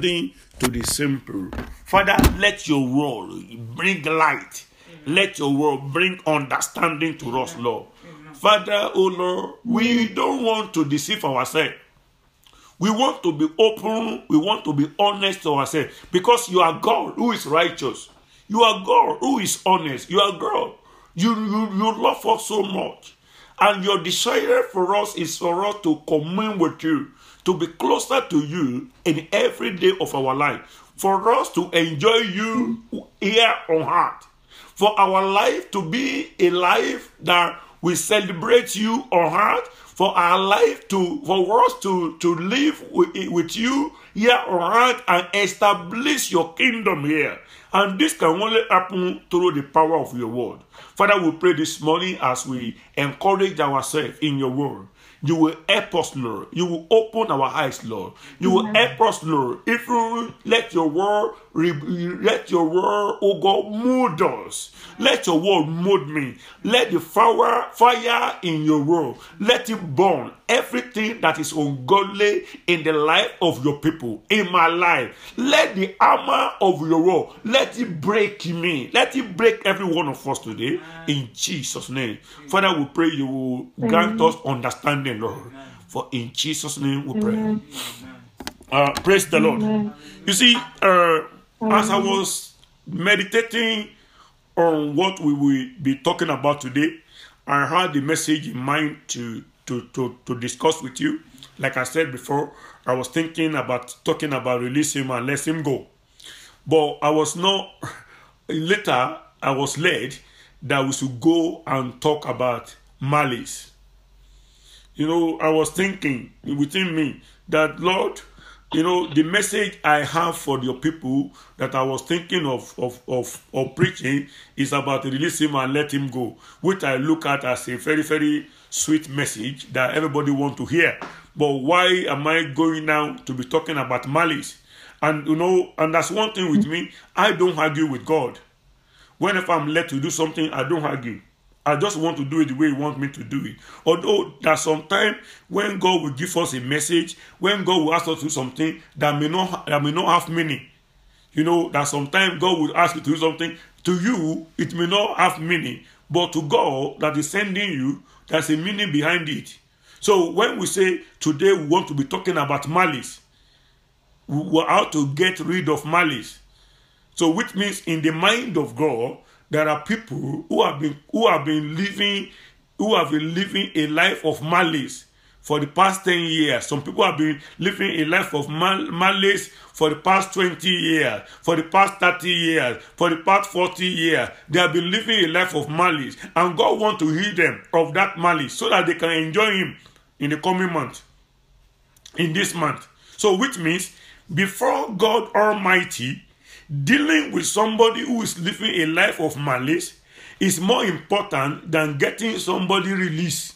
to the simple. Father, let your word bring light. Amen. Let your word bring understanding to Amen. us, Lord. Amen. Father, oh Lord, we don't want to deceive ourselves. We want to be open. We want to be honest to ourselves because you are God who is righteous. You are God who is honest. You are God. You, you, you love us so much. And your desire for us is for us to commune with you to be closer to you in every day of our life, for us to enjoy you here on earth, for our life to be a life that we celebrate you on earth, for our life to for us to to live with, with you here on earth and establish your kingdom here. And this can only happen through the power of your word. Father, we pray this morning as we encourage ourselves in your word. You will help us, Lord. You will open our eyes, Lord. You will help us, Lord. If you let your word let your word, oh God, mold us. Let your word mold me. Let the fire, fire in your word, let it burn everything that is ungodly in the life of your people, in my life. Let the armor of your word, let it break me. Let it break every one of us today in Jesus' name. Father, we pray you will grant us understanding, Lord. For in Jesus' name we pray. Uh, praise the Lord. You see, uh, as I um, was meditating on what we will be talking about today, I had the message in mind to, to, to, to discuss with you. Like I said before, I was thinking about talking about release him and let him go. But I was not, later, I was led that we should go and talk about malice. You know, I was thinking within me that, Lord, you know the message i have for your people that i was thinking of of of, of preaching is about release him and let him go which i look at as a very very sweet message that everybody want to hear but why am i going now to be talking about malice and you know and that's one thing with me i don't argue with god whenever i'm led to do something i don't argue I just want to do it the way He wants me to do it. Although that sometimes when God will give us a message, when God will ask us to do something that may not that may not have meaning, you know that sometimes God will ask you to do something. To you, it may not have meaning, but to God that is sending you, there's a meaning behind it. So when we say today we want to be talking about malice, we are out to get rid of malice. So which means in the mind of God, there are people who have been who have been living who have been living a life of malice for the past ten years. Some people have been living a life of mal- malice for the past twenty years, for the past thirty years, for the past forty years. They have been living a life of malice, and God wants to heal them of that malice so that they can enjoy Him in the coming month, in this month. So, which means before God Almighty dealing with somebody who is living a life of malice is more important than getting somebody released.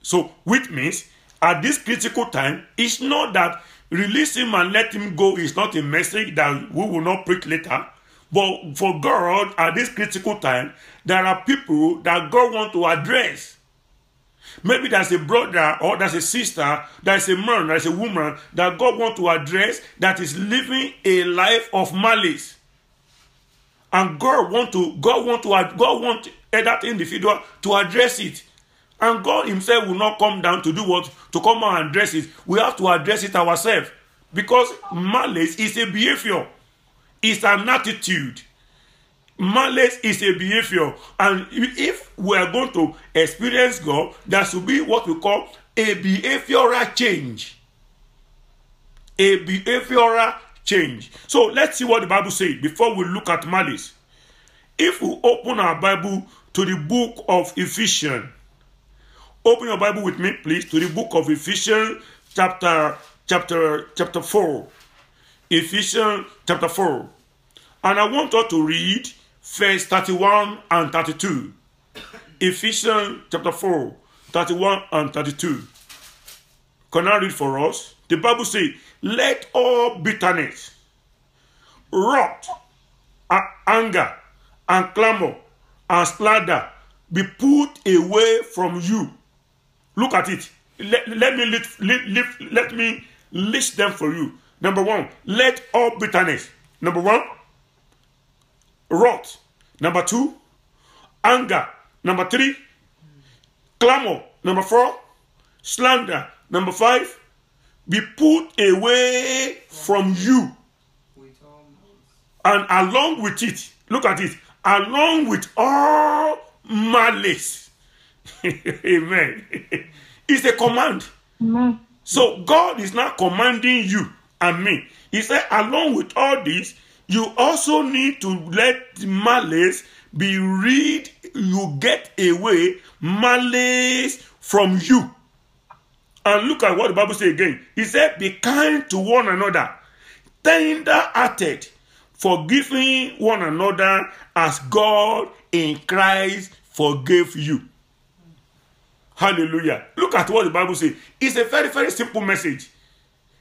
So, which means at this critical time, it's not that release him and let him go is not a message that we will not preach later. But for God, at this critical time, there are people that God wants to address. Maybe there's a brother or there's a sister, there's a man, there's a woman that God wants to address that is living a life of malice. And God want to, God want to, God want that individual to address it. And God Himself will not come down to do what? To come out and address it. We have to address it ourselves. Because malice is a behavior, it's an attitude malice is a behavior and if we are going to experience god there should be what we call a behavioral change a behavioral change so let's see what the bible says before we look at malice if we open our bible to the book of ephesians open your bible with me please to the book of ephesians chapter chapter chapter four, ephesians chapter four, and i want us to read verse 31 and 32. Ephesians chapter 4, 31 and 32. Can I read for us? The Bible says, Let all bitterness, wrath, and anger, and clamor, and slander be put away from you. Look at it. Let, let me let, let, let me list them for you. Number one, let all bitterness. Number one, wrath. Number two, anger. Number three, clamor. Number four, slander. Number five, be put away from you. And along with it, look at it, along with all malice. Amen. it's a command. Amen. So God is not commanding you and me. He said, along with all this, you also need to let malice be rid you get away malice from you and look at what the bible say again he said be kind to one another tender hearted forgiving one another as god in christ forgave you hallelujah look at what the bible say it's a very very simple message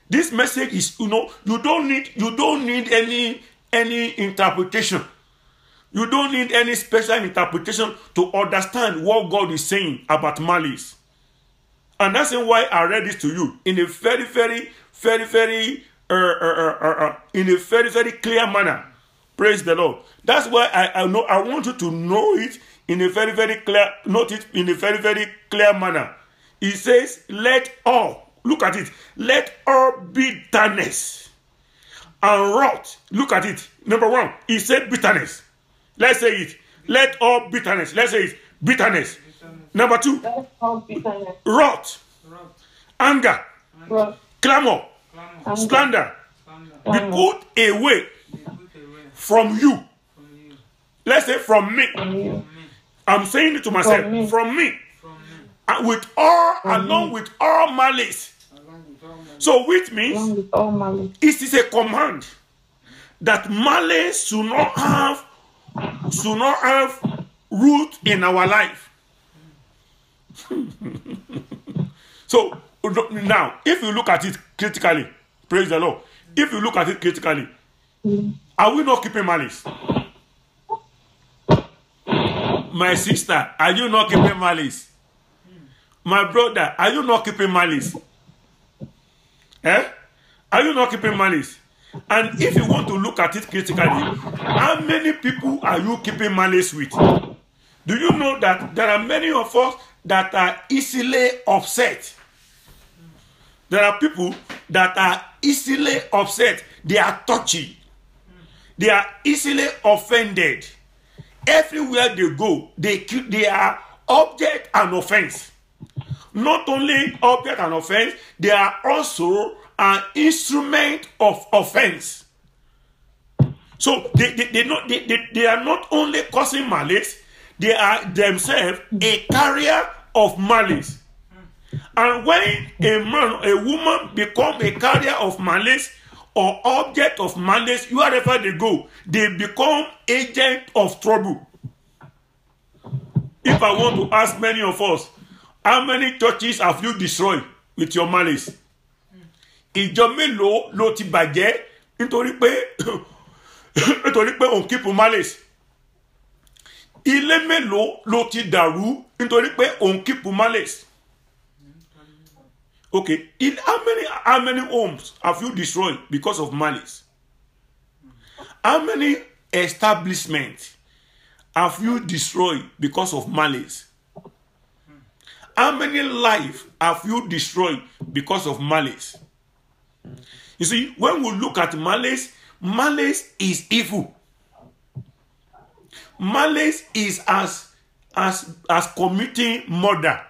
this message is you know you don't need you don't need any any interpretation. You don't need any special interpretation to understand what God is saying about malice. And that's why I read this to you in a very, very, very, very, uh uh uh, uh, uh, uh, in a very, very clear manner. Praise the Lord. That's why I, I know I want you to know it in a very, very clear, note it in a very, very clear manner. He says, "Let all look at it. Let all bitterness." and wrath. Look at it. Number one, he said bitterness. Let's say it. Let all bitterness. Let's say it. Bitterness. bitterness. Number two, bitterness. wrath, anger, wrath. clamor, clamor. slander. Be put away from you. Let's say from me. From you. I'm saying it to myself. From me. From me. From me. And uh, with all, along with all malice. So, which means it is a command that malice should not have should not have root in our life. so now, if you look at it critically, praise the Lord. If you look at it critically, are we not keeping malice? My sister, are you not keeping malice? My brother, are you not keeping malice? Eh? Are you not keeping malice? And if you want to look at it critically, how many people are you keeping malice with? Do you know that there are many of us that are easily upset? There are people that are easily upset. They are touchy. They are easily offended. Everywhere they go, they, they are object and offense not only object and offense, they are also an instrument of offense. So they, they, they, not, they, they, they are not only causing malice, they are themselves a carrier of malice. And when a man, a woman become a carrier of malice or object of malice, wherever they go, they become agent of trouble. If I want to ask many of us, how many churches have you destroyed with your malice ìjọ mélòó ló ti bàjẹ́ nítorí pé nítorí pé òun keep malice ilé mélòó ló ti dàrú nítorí pé òun keep malice okay in how many how many homes have you destroyed because of malice how many establishments have you destroyed because of malice How many lives have you destroyed because of malice? You see, when we look at malice, malice is evil. Malice is as as as committing murder.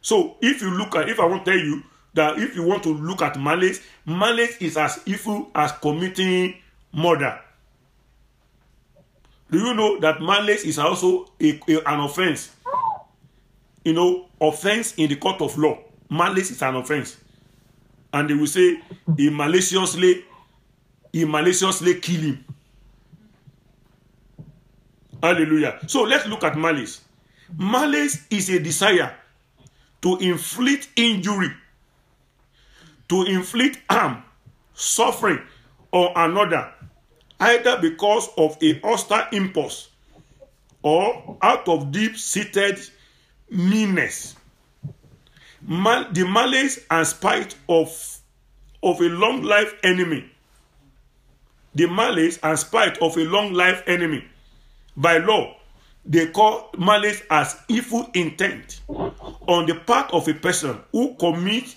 So if you look at if I want to tell you that if you want to look at malice, malice is as evil as committing murder. Do you know that malice is also a, a, an offense? you know, offense in the court of law. Malice is an offense. And they will say, he maliciously, he maliciously kill him. Hallelujah. So let's look at malice. Malice is a desire to inflict injury, to inflict harm, suffering on another, either because of a hostile impulse or out of deep seated meanness, mal- the malice and spite of, of a long life enemy. The malice and spite of a long life enemy. By law, they call malice as evil intent on the part of a person who commits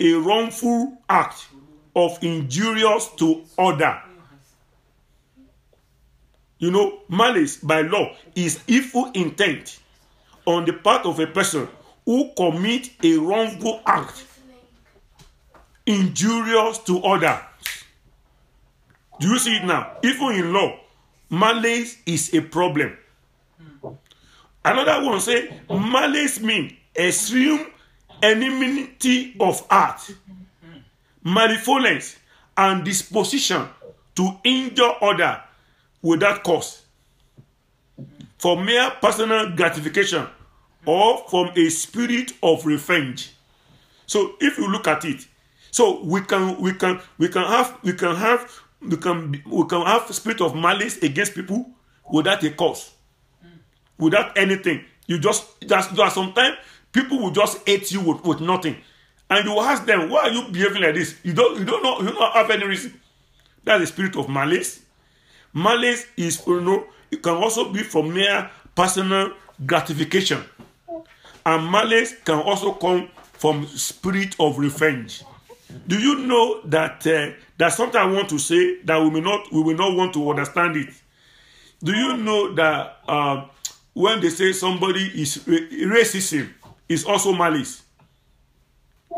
a wrongful act of injurious to other. You know, malice by law is evil intent on the part of a person who commits a wrongful act injurious to others. Do you see it now? Even in law, malice is a problem. Another one say malice means extreme enmity of heart, malevolence, and disposition to injure other without cause for mere personal gratification or from a spirit of revenge. So if you look at it, so we can we can we can have we can have we can we can have spirit of malice against people without a cause, without anything. You just that's that sometimes people will just hate you with, with nothing. And you ask them, why are you behaving like this? You don't you don't know you don't have any reason. That's the spirit of malice. Malice is you know it can also be from mere personal gratification and malice can also come from spirit of revenge. Do you know that uh, that's something I want to say that we may not we will not want to understand it? Do you know that uh, when they say somebody is uh, racism is also malice?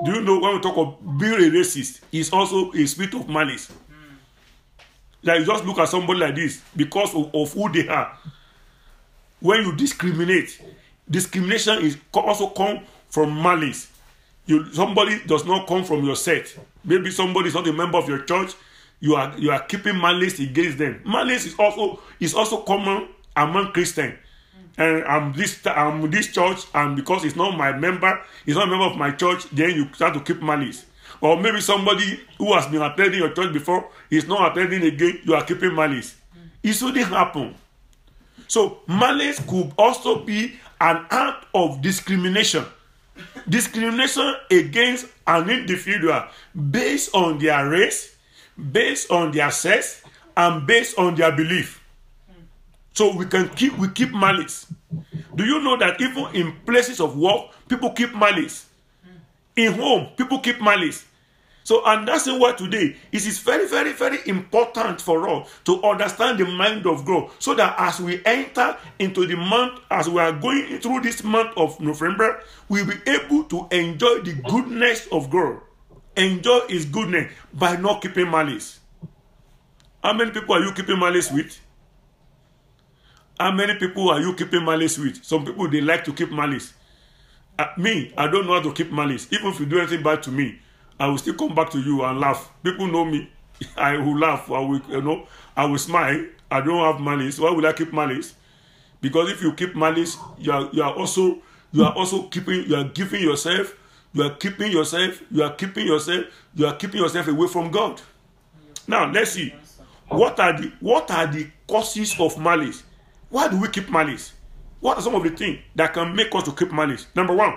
Do you know when we talk of being a racist is also a spirit of malice? Like you just look at somebody like this because of, of who they are. When you discriminate, discrimination is also come from malice you somebody does not come from your set. maybe somebody is not a member of your church you are you are keeping malice against them malice is also is also common among christians hmm. and i'm this i'm this church and because it's not my member it's not a member of my church then you start to keep malice or maybe somebody who has been attending your church before is not attending again you are keeping malice hmm. it shouldn't happen so malice could also be an act of discrimination discrimination against an individual based on their race based on their sex and based on their belief so we can keep we keep malice do you know that even in places of work people keep malice in home people keep malice So, and that's why today it is very, very, very important for us to understand the mind of God so that as we enter into the month, as we are going through this month of November, we'll be able to enjoy the goodness of God, enjoy His goodness by not keeping malice. How many people are you keeping malice with? How many people are you keeping malice with? Some people they like to keep malice. Uh, me, I don't know how to keep malice, even if you do anything bad to me. I will still come back to you and laugh. People know me. I will laugh. I will, you know, I will smile. I don't have malice. Why will I keep malice? Because if you keep malice, you are, you are also you are also keeping you are giving yourself you are keeping yourself you are keeping yourself you are keeping yourself away from God. Now let's see what are the what are the causes of malice? Why do we keep malice? What are some of the things that can make us to keep malice? Number one,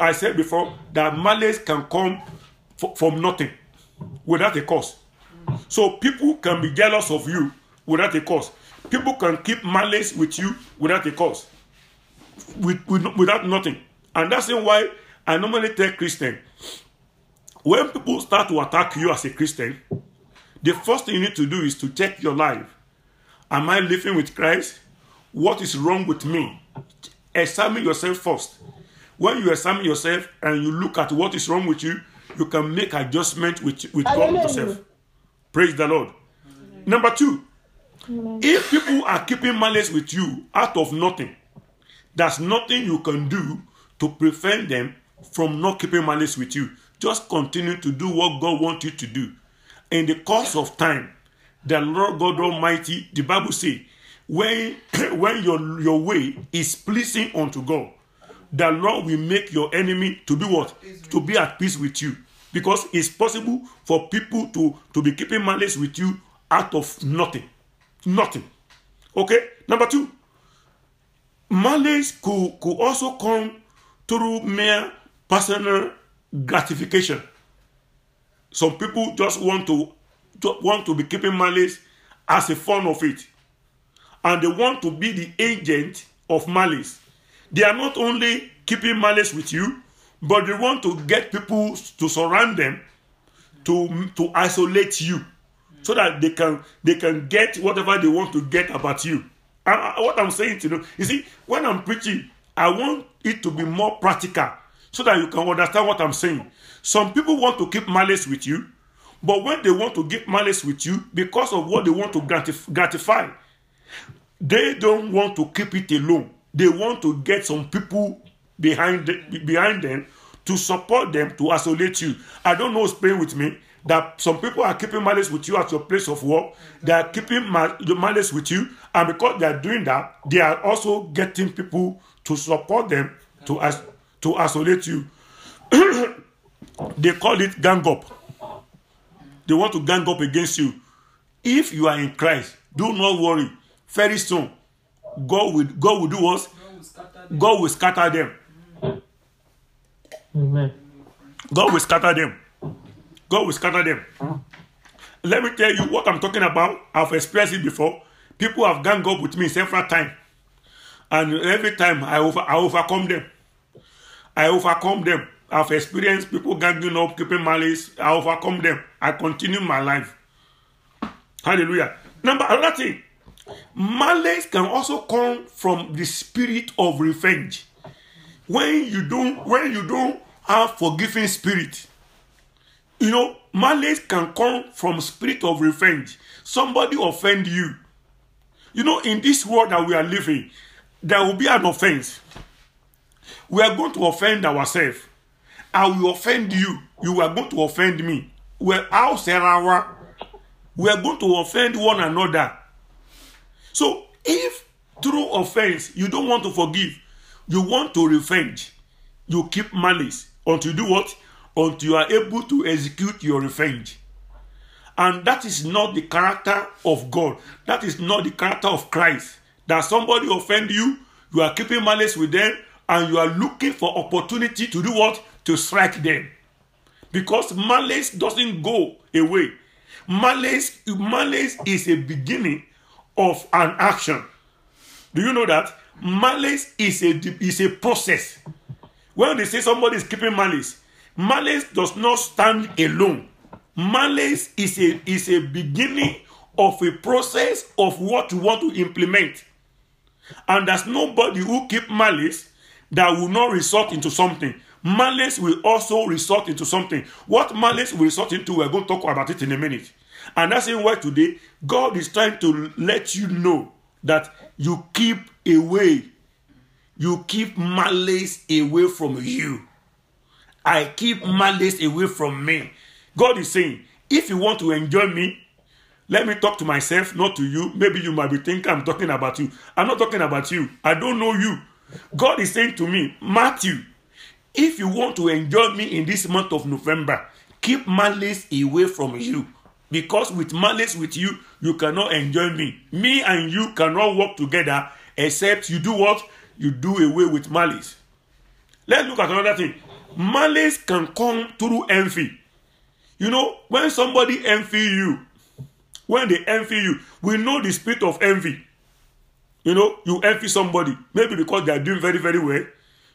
I said before that malice can come from nothing without a cause. So people can be jealous of you without a cause. People can keep malice with you without a cause, with, with, without nothing. And that's why I normally tell Christians: when people start to attack you as a Christian, the first thing you need to do is to check your life. Am I living with Christ? What is wrong with me? Examine yourself first. When you examine yourself and you look at what is wrong with you, you can make adjustment with, with God yourself. Praise the Lord. Amen. Number two, Amen. if people are keeping malice with you out of nothing, there's nothing you can do to prevent them from not keeping malice with you. Just continue to do what God wants you to do. In the course of time, the Lord God Almighty, the Bible says, when, when your, your way is pleasing unto God, the Lord will make your enemy to be what? To be at peace with you. Because it's possible for people to, to be keeping malice with you out of nothing. Nothing. Okay? Number two, malice could, could also come through mere personal gratification. Some people just want to, to want to be keeping malice as a fun of it. And they want to be the agent of malice They are not only keeping malice with you, but they want to get people to surround them to, to isolate you so that they can they can get whatever they want to get about you. I, I, uh, what I'm saying to you, you see, when I'm preaching, I want it to be more practical so that you can understand what I'm saying. Some people want to keep malice with you, but when they want to keep malice with you because of what they want to gratif- gratify, they don't want to keep it alone. they want to get some people behind behind them to support them to isolate you. I don't know, explain with me that some people are keeping malice with you at your place of work. They are keeping mal- malice with you, and because they are doing that, they are also getting people to support them to as- to isolate you. they call it gang up. They want to gang up against you. If you are in Christ, do not worry. Very soon, God will God will do what? God will scatter them. Amen. God will scatter them. God will scatter them. Let me tell you what I'm talking about. I've expressed it before. People have ganged up with me several times. And every time I over I overcome them. I overcome them. I've experienced people ganging up, keeping malice. I overcome them. I continue my life. Hallelujah. Number another thing Malice can also come from the spirit of revenge. When you don't, when you don't have forgiving spirit, you know, malice can come from spirit of revenge. Somebody offend you. You know, in this world that we are living, there will be an offense. We are going to offend ourselves. I will offend you. You are going to offend me. Well, how Sarah? We are going to offend one another So if through offense you don't want to forgive, you want to revenge, you keep malice until you do what? Until you are able to execute your revenge. And that is not the character of God. That is not the character of Christ. That somebody offend you, you are keeping malice with them, and you are looking for opportunity to do what? To strike them. Because malice doesn't go away. Malice, malice is a beginning of an action. Do you know that? Malice is a, is a process. When they say somebody is keeping malice, malice does not stand alone. Malice is a, is a beginning of a process of what you want to implement. And there's nobody who keep malice that will not result into something. Malice will also result into something. What malice will result into, we're going to talk about it in a minute. And that's why today God is trying to let you know that you keep away, you keep malice away from you. I keep malice away from me. God is saying, if you want to enjoy me, let me talk to myself, not to you. Maybe you might be thinking I'm talking about you. I'm not talking about you. I don't know you. God is saying to me, Matthew, if you want to enjoy me in this month of November, keep malice away from you because with malice with you you cannot enjoy me me and you cannot work together except you do what you do away with malice let's look at another thing malice can come through envy you know when somebody envy you when they envy you we know the spirit of envy you know you envy somebody maybe because they are doing very very well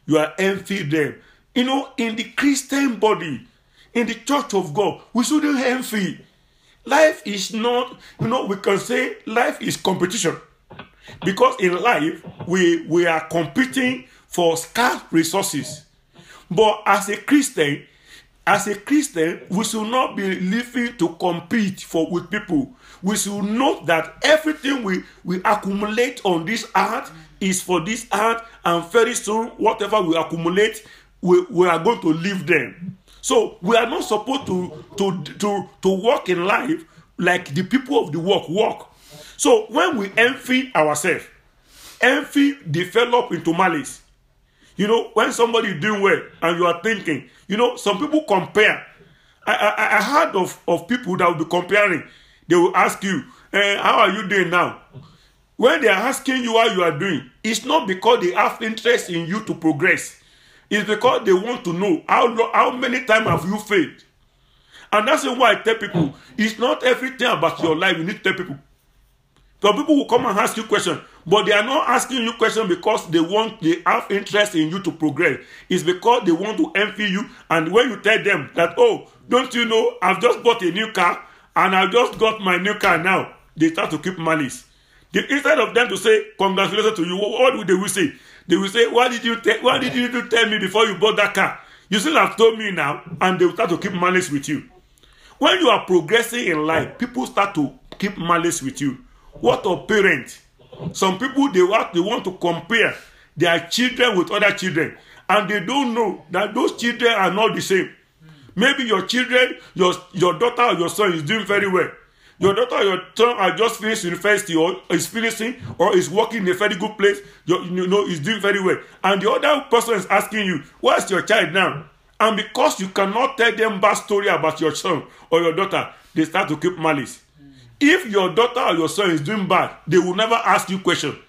you are envy them you know in the christian body in the church of god we shouldn't envy life is not, you know, we can say life is competition. Because in life, we, we are competing for scarce resources. But as a Christian, as a Christian, we should not be living to compete for with people. We should know that everything we, we accumulate on this earth is for this earth, and very soon, whatever we accumulate, we, we are going to leave them. So we are not supposed to to to to walk in life like the people of the world walk. So when we envy ourselves, envy develop into malice. You know, when somebody is doing well and you are thinking, you know, some people compare. I I, I heard of, of people that will be comparing. They will ask you, eh, how are you doing now? When they are asking you how you are doing, it's not because they have interest in you to progress is because they want to know how how many times have you failed. And that's why I tell people it's not everything about your life you need to tell people. Some people will come and ask you questions, but they are not asking you questions because they want they have interest in you to progress. It's because they want to envy you. And when you tell them that, oh, don't you know, I've just bought a new car and I've just got my new car now, they start to keep malice. They, instead of them to say, Congratulations to you, what would they will say? They will say, Why did you te- why did you tell me before you bought that car? You still have told me now, and they will start to keep malice with you. When you are progressing in life, people start to keep malice with you. What of parents? Some people they want they want to compare their children with other children, and they don't know that those children are not the same. Maybe your children, your your daughter or your son is doing very well. Your daughter, your son has just finished university or is finishing or is working in a very good place. Your, you know, is doing very well. And the other person is asking you, where is your child now? And because you cannot tell them bad story about your son or your daughter, they start to keep malice. Mm. If your daughter or your son is doing bad, they will never ask you question. Mm.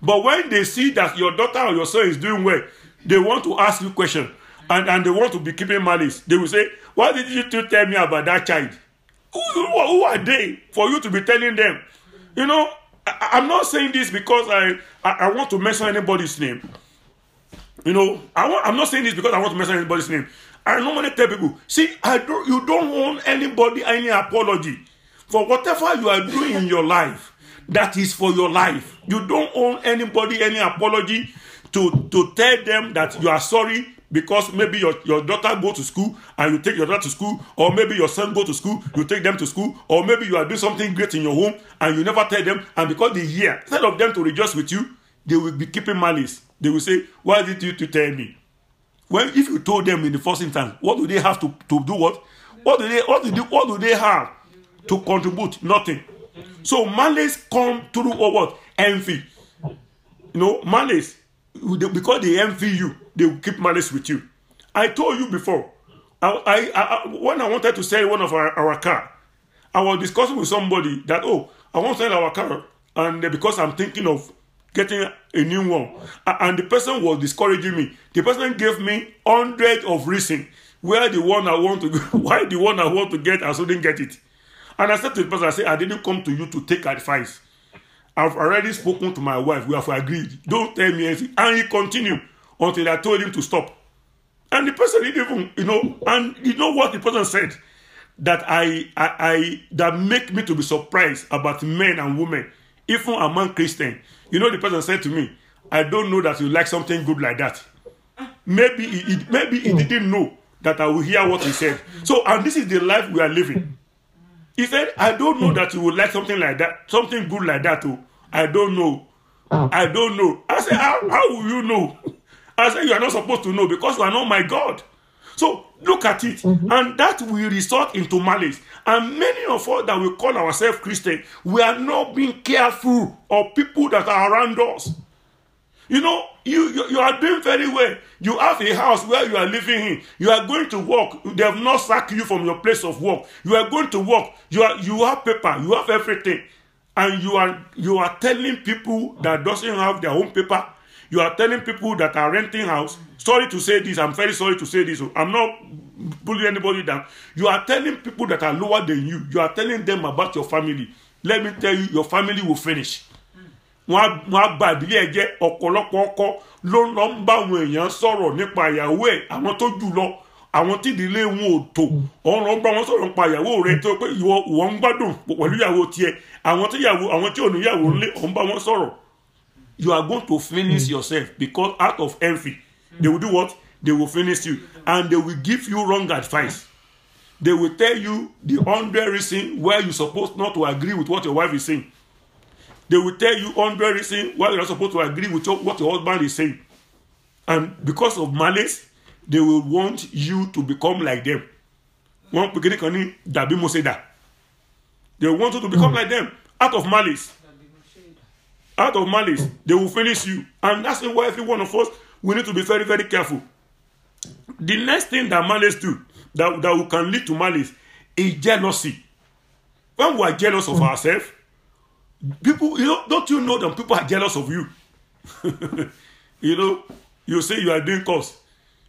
But when they see that your daughter or your son is doing well, they want to ask you question, mm. and, and they want to be keeping malice. They will say, why did you tell me about that child? Who, who, who are they for you to be telling them? You know, I, I'm not saying this because I, I, I want to mention anybody's name. You know, I want, I'm not saying this because I want to mention anybody's name. I normally tell people, see, I don't, you don't owe anybody any apology for whatever you are doing in your life. That is for your life. You don't owe anybody any apology to, to tell them that you are sorry because maybe your, your daughter go to school and you take your daughter to school or maybe your son go to school you take them to school or maybe you are doing something great in your home and you never tell them and because they hear instead of them to rejoice with you they will be keeping malice they will say why did you to tell me well if you told them in the first instance what do they have to, to do what what do they what do they, what do they have to contribute nothing so malice come through or what envy you know malice because they envy you, they will keep malice with you. I told you before, I, I, I, when I wanted to sell one of our, our car, I was discussing with somebody that, oh, I want to sell our car, and because I'm thinking of getting a new one. And the person was discouraging me. The person gave me hundred of reasons where the one I want to why the one I want to get, I shouldn't get it. And I said to the person, I said, I didn't come to you to take advice. I've already spoken to my wife. We have agreed. Don't tell me anything. And he continued until I told him to stop. And the person didn't even, you know, and you know what the person said that I, I, I that make me to be surprised about men and women, even among Christians. You know, the person said to me, I don't know that you like something good like that. Maybe he, maybe he hmm. didn't know that I will hear what he said. So, and this is the life we are living. He said, I don't know that you would like something like that, something good like that. Oh, I don't know. Ah. I don't know. I said, how, how will you know? I said, you are not supposed to know because you are not my God. So look at it. Mm-hmm. And that will result into malice. And many of us that we call ourselves Christian, we are not being careful of people that are around us. You know, You, you, you are doing very well. You have a house where you are living in. You are going to work. They have not sacked you from your place of work. You are going to work. You are you have paper. You have everything, and you are you are telling people that doesn't have their own paper. You are telling people that are renting house. Sorry to say this. I'm very sorry to say this. I'm not pulling anybody down. You are telling people that are lower than you. You are telling them about your family. Let me tell you, your family will finish wọn á ba ìdílé ẹ ọ̀pọ̀lọpọ̀ ọkọ ló lọ ń bá àwọn èèyàn sọ̀rọ̀ nípa ìyàwó ẹ̀ àwọn tó jù lọ àwọn tídìílé wọn ò tò ọ̀rọ̀ ń bá wọn sọ̀rọ̀ nípa ìyàwó rẹ̀ tó pé ìwọ ìwọ ń gbádùn pẹ̀lú ìyàwó tiẹ̀ àwọn tí ìyàwó àwọn tí ò níyàwó ńlé bá wọn sọ̀rọ̀ you are going to finish hmm. yourself because out of envy they will do what they will finish you and they will give you wrong advice they will tell you the hundred reason why you suppose not to agree with what your wife is saying They will tell you 100 reasons why you're not supposed to agree with your, what your husband is saying. And because of malice, they will want you to become like them. Wọ́n pèkéde kan ní dàbí Mọ́sẹ̀dà. They want you to become mm. like them out of malice. Out of malice, they will finish you. And that's why every one of us, we need to be very, very careful. The next thing that malice do, that, that can lead to malice, is jealousy. When we are jealous of mm. ourselves, people you know don't you know that people are jealous of you you know you say you are doing course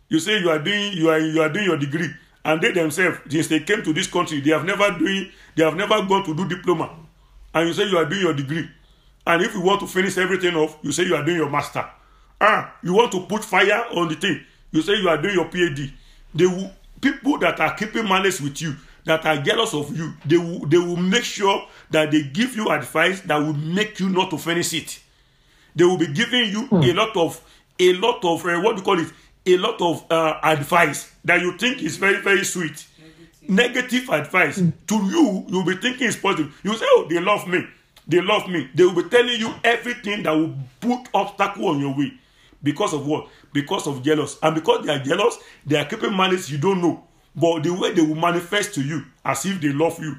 you say you are doing you are you are doing your degree and they themselves since they came to this country they have never doing they have never gone to do diploma and you say you are doing your degree and if you want to finish everything off you say you are doing your master ah you want to put fire on the thing you say you are doing your phd The people that are keeping malice with you that are jealous of you, they will, they will make sure that they give you advice that will make you not to finish it. They will be giving you mm. a lot of, a lot of, uh, what do you call it? A lot of uh, advice that you think is very, very sweet. Negative, Negative advice. Mm. To you, you'll be thinking is positive. You say, oh, they love me. They love me. They will be telling you everything that will put obstacle on your way. Because of what? Because of jealous. And because they are jealous, they are keeping malice you don't know. but the way they will manifest to you as if they love you.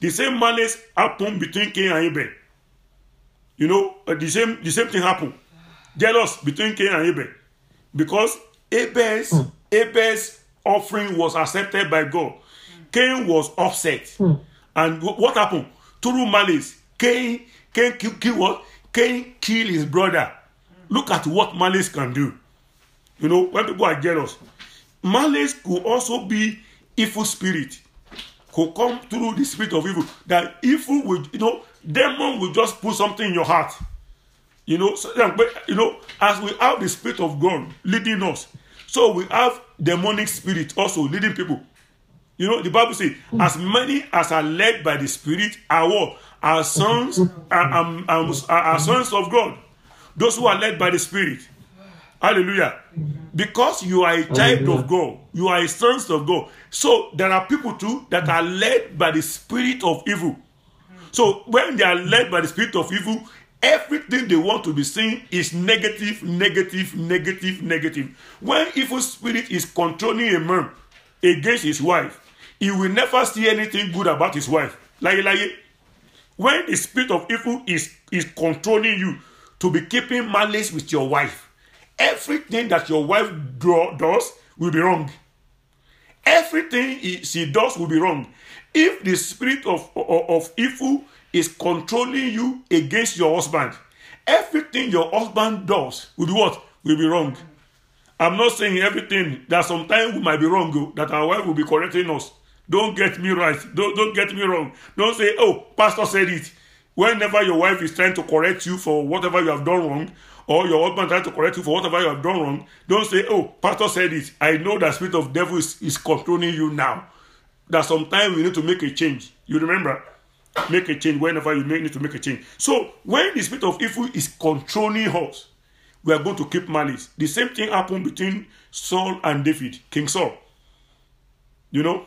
The same malice happened between Cain and Abel. You know, uh, the same the same thing happened. Jealous between Cain and Abel, because Abel's mm. Abel's offering was accepted by God. Cain was upset, mm. and what happened? Through malice, Cain Cain kill, kill what? Cain kill his brother. Look at what malice can do. You know, when people are jealous, malice could also be evil spirit could come through the spirit of evil that evil will you know demon will just put something in your heart you know so that, you know as we have the spirit of god leading us so we have demonic spirit also leading people you know the bible says as many as are led by the spirit are what are sons are, um, are, are, are sons of god those who are led by the spirit Hallelujah. Because you are a child Hallelujah. of God, you are a son of God. So there are people too that are led by the spirit of evil. So when they are led by the spirit of evil, everything they want to be seen is negative, negative, negative, negative. When evil spirit is controlling a man against his wife, he will never see anything good about his wife. Like, like when the spirit of evil is, is controlling you to be keeping malice with your wife, everything that your wife do, does will be wrong. Everything she does will be wrong. If the spirit of, of, of evil is controlling you against your husband, everything your husband does will be what? Will be wrong. I'm not saying everything that sometimes we might be wrong, oh, that our wife will be correcting us. Don't get me right. Don't, don't get me wrong. Don't say, oh, pastor said it. Whenever your wife is trying to correct you for whatever you have done wrong, or your husband tried to correct you for whatever you have done wrong, don't say, Oh, Pastor said it. I know that spirit of devil is, is controlling you now. That sometimes we need to make a change. You remember? Make a change whenever you need to make a change. So when the spirit of evil is controlling us, we are going to keep malice. The same thing happened between Saul and David, King Saul. You know?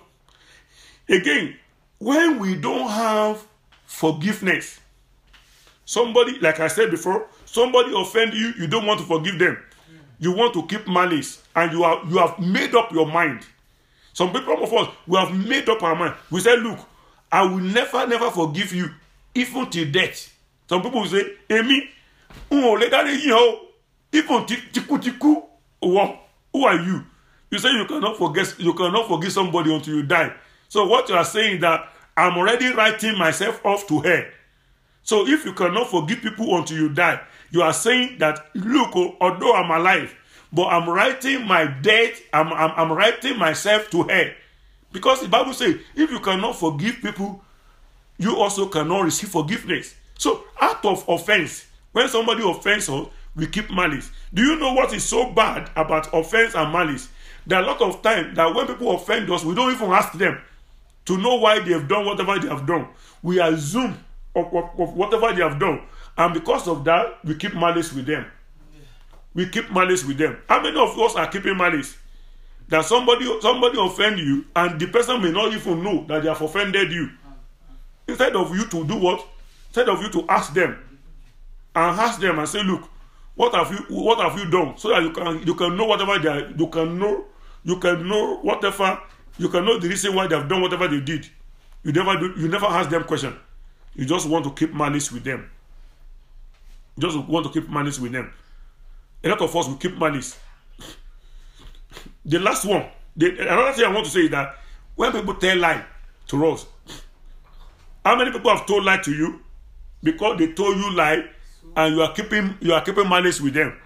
Again, when we don't have forgiveness, somebody, like I said before, Somebody offend you, you don't want to forgive them. You want to keep malice, and you are you have made up your mind. Some people of us we have made up our mind. We say, look, I will never never forgive you, even till death. Some people will say, Amy, even tiku tiku, who are you? You say you cannot forget, you cannot forgive somebody until you die. So what you are saying that I'm already writing myself off to hell. So if you cannot forgive people until you die, You are saying that, look, oh, although I'm alive, but I'm writing my death, I'm, I'm, I'm writing myself to hell. Because the Bible say, if you cannot forgive people, you also cannot receive forgiveness. So, out of offense, when somebody offends us, we keep malice. Do you know what is so bad about offense and malice? There are a lot of times that when people offend us, we don't even ask them to know why they have done whatever they have done. We assume of, of, of whatever they have done And because of that, we keep malice with them. We keep malice with them. How many of us are keeping malice? That somebody somebody offend you and the person may not even know that they have offended you. Instead of you to do what? Instead of you to ask them and ask them and say, look, what have you what have you done? So that you can you can know whatever they are, you can know you can know whatever you can know the reason why they have done whatever they did. You never do, you never ask them question. You just want to keep malice with them just want to keep malice with them. A lot of us will keep malice. The last one, the, another thing I want to say is that when people tell lie to us, how many people have told lie to you because they told you lie and you are keeping you are keeping malice with them?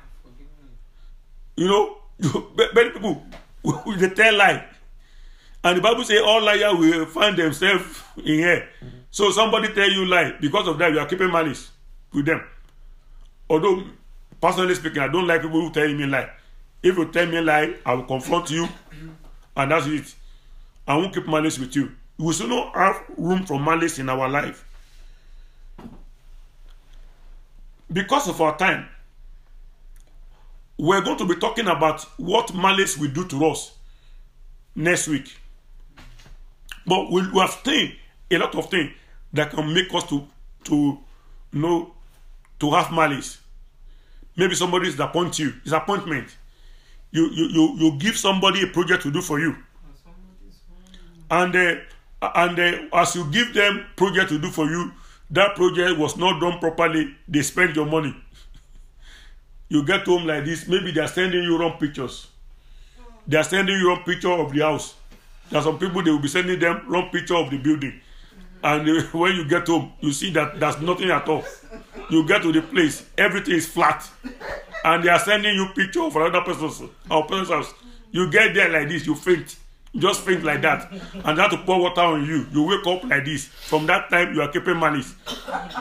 You know, many people they tell lie, and the Bible say all liars will find themselves in here. Mm-hmm. So somebody tell you lie because of that you are keeping malice with them although personally speaking, I don't like people who tell me lie. If you tell me lie, I will confront you, and that's it. I won't keep malice with you. We still not have room for malice in our life. Because of our time, we're going to be talking about what malice will do to us next week. But we have seen a lot of things that can make us to to know to have malice. Maybe somebody is appoint you, is appointment. You, you, you, you give somebody a project to do for you. And, uh, and uh, as you give them project to do for you, that project was not done properly. They spend your money. you get home like this, maybe they are sending you wrong pictures. They are sending you wrong picture of the house. There are some people they will be sending them wrong picture of the building and when you get home you see that there's nothing at all you get to the place everything is flat and they are sending you picture of another person's or person's house you get there like this you faint just faint like that and have to pour water on you you wake up like this from that time you are keeping malice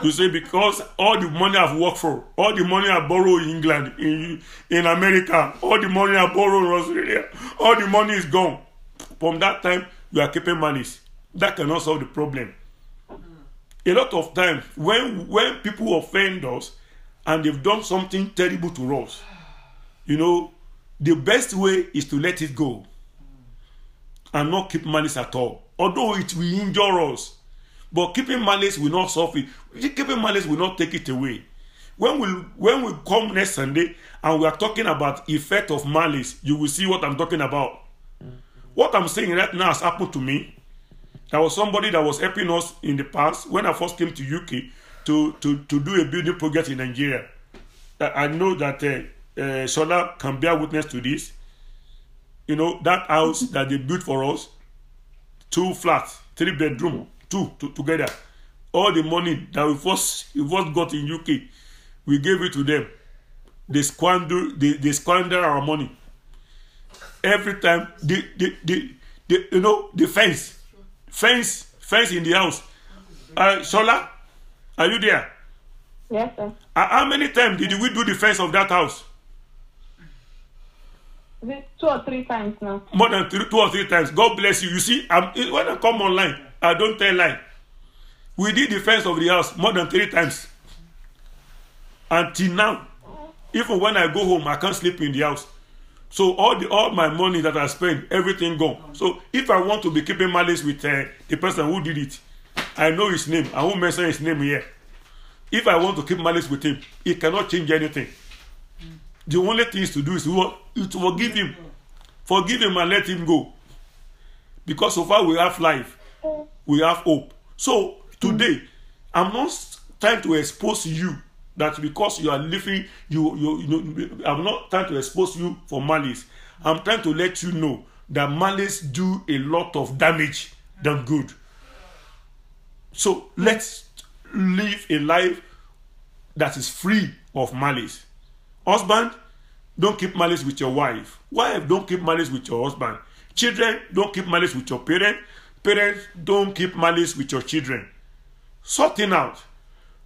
you say because all the money i've worked for all the money i borrow in england in in america all the money i borrow in australia all the money is gone from that time you are keeping malice that cannot solve the problem a lot of times when when people offend us and they've done something terrible to us you know the best way is to let it go and not keep malice at all although it will injure us but keeping malice will not solve it keeping malice will not take it away when we when we come next sunday and we are talking about effect of malice you will see what i'm talking about what i'm saying right now has happened to me There was somebody that was helping us in the past when I first came to UK to, to, to do a building project in Nigeria. I know that uh, uh, Shola can bear witness to this. You know, that house that they built for us, two flats, three bedroom, two to, together. All the money that we first, we first got in UK, we gave it to them. They squander, they, they squander our money. Every time, the the the they, you know, the fence fence fence in the house uh, shola are you there yes sir uh, how many times did we do the fence of that house two or three times now more than three, two or three times god bless you you see I'm, when i come online i don't tell lie we did the fence of the house more than three times until now even when i go home i can't sleep in the house So all the all my money that I spend, everything gone. So if I want to be keeping malice with uh, the person who did it, I know his name. I won't mention his name here. If I want to keep malice with him, he cannot change anything. The only thing is to do is to forgive him, forgive him and let him go. Because so far we have life, we have hope. So today, I'm not trying to expose you that because you are living, you, you, you know, I'm not trying to expose you for malice. I'm trying to let you know that malice do a lot of damage than good. So let's live a life that is free of malice. Husband, don't keep malice with your wife. Wife, don't keep malice with your husband. Children, don't keep malice with your parents. Parents, don't keep malice with your children. Sorting out.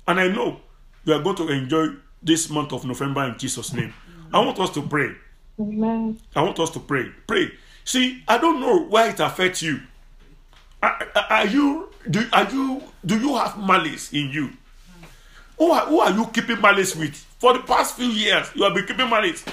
And I know we are going to enjoy this month of November in Jesus' name. I want us to pray. Amen. I want us to pray. Pray. See, I don't know why it affects you. Are, are, you do are you do you have malice in you? Who are, who are you keeping malice with? For the past few years, you have been keeping malice.